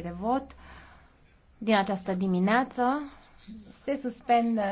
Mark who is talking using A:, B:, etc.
A: de vot din această dimineață.
B: Se suspendă